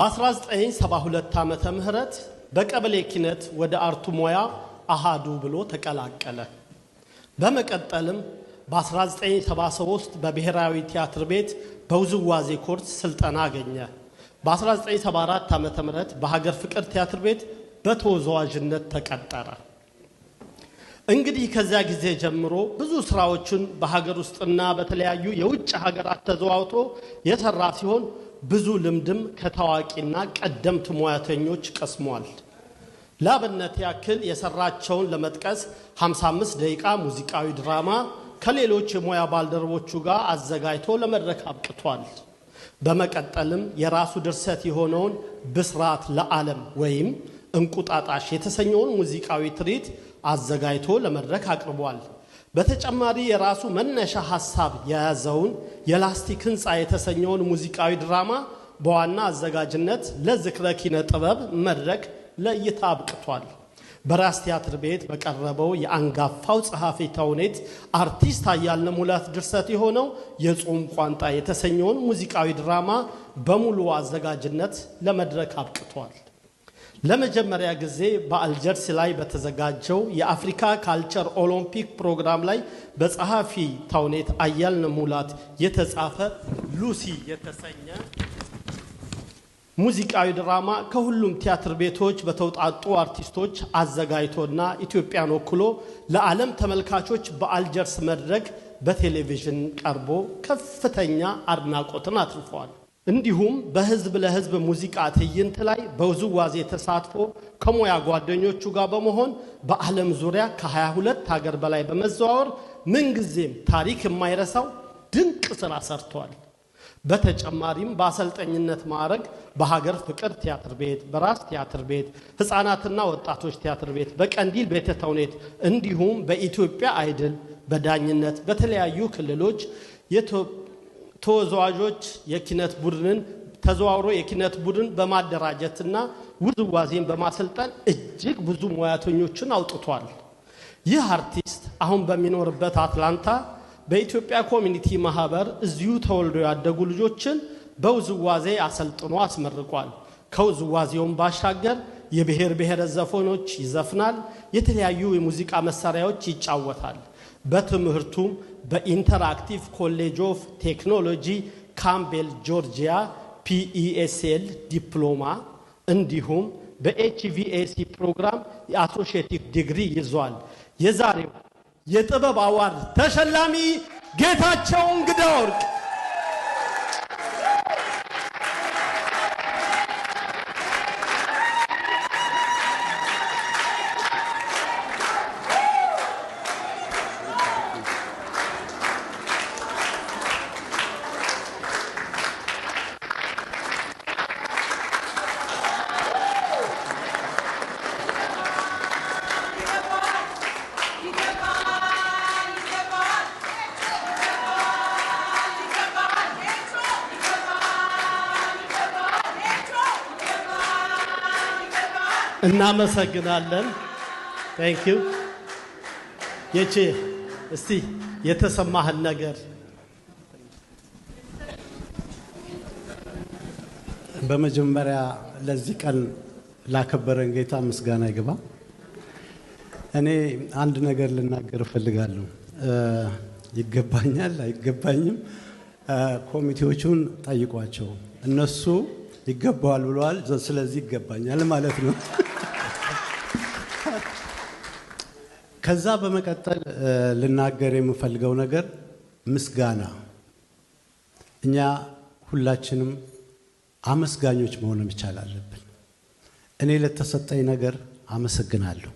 በ1972 ዓመተ ምህረት በቀበሌ ኪነት ወደ አርቱ ሞያ አሃዱ ብሎ ተቀላቀለ። በመቀጠልም በ1973 በብሔራዊ ቲያትር ቤት በውዝዋዜ ኮርስ ስልጠና አገኘ። በ1974 ዓ. ምህረት በሀገር ፍቅር ቲያትር ቤት በተወዛዋዥነት ተቀጠረ። እንግዲህ ከዚያ ጊዜ ጀምሮ ብዙ ስራዎችን በሀገር ውስጥና በተለያዩ የውጭ ሀገራት ተዘዋውቶ የሰራ ሲሆን ብዙ ልምድም ከታዋቂና ቀደምት ሙያተኞች ቀስሟል። ላብነት ያክል የሰራቸውን ለመጥቀስ 55 ደቂቃ ሙዚቃዊ ድራማ ከሌሎች የሙያ ባልደረቦቹ ጋር አዘጋጅቶ ለመድረክ አብቅቷል። በመቀጠልም የራሱ ድርሰት የሆነውን ብስራት ለዓለም ወይም እንቁጣጣሽ የተሰኘውን ሙዚቃዊ ትርኢት አዘጋጅቶ ለመድረክ አቅርቧል። በተጨማሪ የራሱ መነሻ ሀሳብ የያዘውን የላስቲክ ህንፃ የተሰኘውን ሙዚቃዊ ድራማ በዋና አዘጋጅነት ለዝክረ ኪነ ጥበብ መድረክ ለእይታ አብቅቷል። በራስ ቲያትር ቤት በቀረበው የአንጋፋው ጸሐፊ ተውኔት አርቲስት አያልነ ሙላት ድርሰት የሆነው የጾም ቋንጣ የተሰኘውን ሙዚቃዊ ድራማ በሙሉ አዘጋጅነት ለመድረክ አብቅቷል። ለመጀመሪያ ጊዜ በአልጀርስ ላይ በተዘጋጀው የአፍሪካ ካልቸር ኦሎምፒክ ፕሮግራም ላይ በጸሐፊ ታውኔት አያልነህ ሙላት የተጻፈ ሉሲ የተሰኘ ሙዚቃዊ ድራማ ከሁሉም ቲያትር ቤቶች በተውጣጡ አርቲስቶች አዘጋጅቶና ኢትዮጵያን ወክሎ ለዓለም ተመልካቾች በአልጀርስ መድረክ በቴሌቪዥን ቀርቦ ከፍተኛ አድናቆትን አትርፈዋል። እንዲሁም በህዝብ ለህዝብ ሙዚቃ ትዕይንት ላይ በውዝዋዜ ተሳትፎ ከሙያ ጓደኞቹ ጋር በመሆን በዓለም ዙሪያ ከ22 ሀገር በላይ በመዘዋወር ምንጊዜም ታሪክ የማይረሳው ድንቅ ስራ ሰርቷል። በተጨማሪም በአሰልጠኝነት ማዕረግ በሀገር ፍቅር ቲያትር ቤት፣ በራስ ቲያትር ቤት፣ ህፃናትና ወጣቶች ቲያትር ቤት፣ በቀንዲል ቤተ ተውኔት እንዲሁም በኢትዮጵያ አይድል በዳኝነት በተለያዩ ክልሎች ተወዛዋዦች የኪነት ቡድንን ተዘዋውሮ የኪነት ቡድን በማደራጀትና ውዝዋዜን በማሰልጠን እጅግ ብዙ ሙያተኞችን አውጥቷል። ይህ አርቲስት አሁን በሚኖርበት አትላንታ በኢትዮጵያ ኮሚኒቲ ማህበር እዚሁ ተወልዶ ያደጉ ልጆችን በውዝዋዜ አሰልጥኖ አስመርቋል። ከውዝዋዜውን ባሻገር የብሔር ብሔረ ዘፎኖች ይዘፍናል። የተለያዩ የሙዚቃ መሳሪያዎች ይጫወታል። በትምህርቱም በኢንተራክቲቭ ኮሌጅ ኦፍ ቴክኖሎጂ ካምቤል ጆርጂያ ፒኢኤስኤል ዲፕሎማ እንዲሁም በኤችቪኤሲ ፕሮግራም የአሶሽቲቭ ዲግሪ ይዟል። የዛሬው የጥበብ አዋርድ ተሸላሚ ጌታቸው እንግዳ ወርቅ እናመሰግናለን። ታንክ ዩ። የቼ እስቲ የተሰማህን ነገር በመጀመሪያ ለዚህ ቀን ላከበረን ጌታ ምስጋና ይግባ። እኔ አንድ ነገር ልናገር እፈልጋለሁ። ይገባኛል አይገባኝም፣ ኮሚቴዎቹን ጠይቋቸው እነሱ ይገባዋል ብለዋል። ስለዚህ ይገባኛል ማለት ነው። ከዛ በመቀጠል ልናገር የምፈልገው ነገር ምስጋና፣ እኛ ሁላችንም አመስጋኞች መሆን መቻል አለብን። እኔ ለተሰጠኝ ነገር አመሰግናለሁ።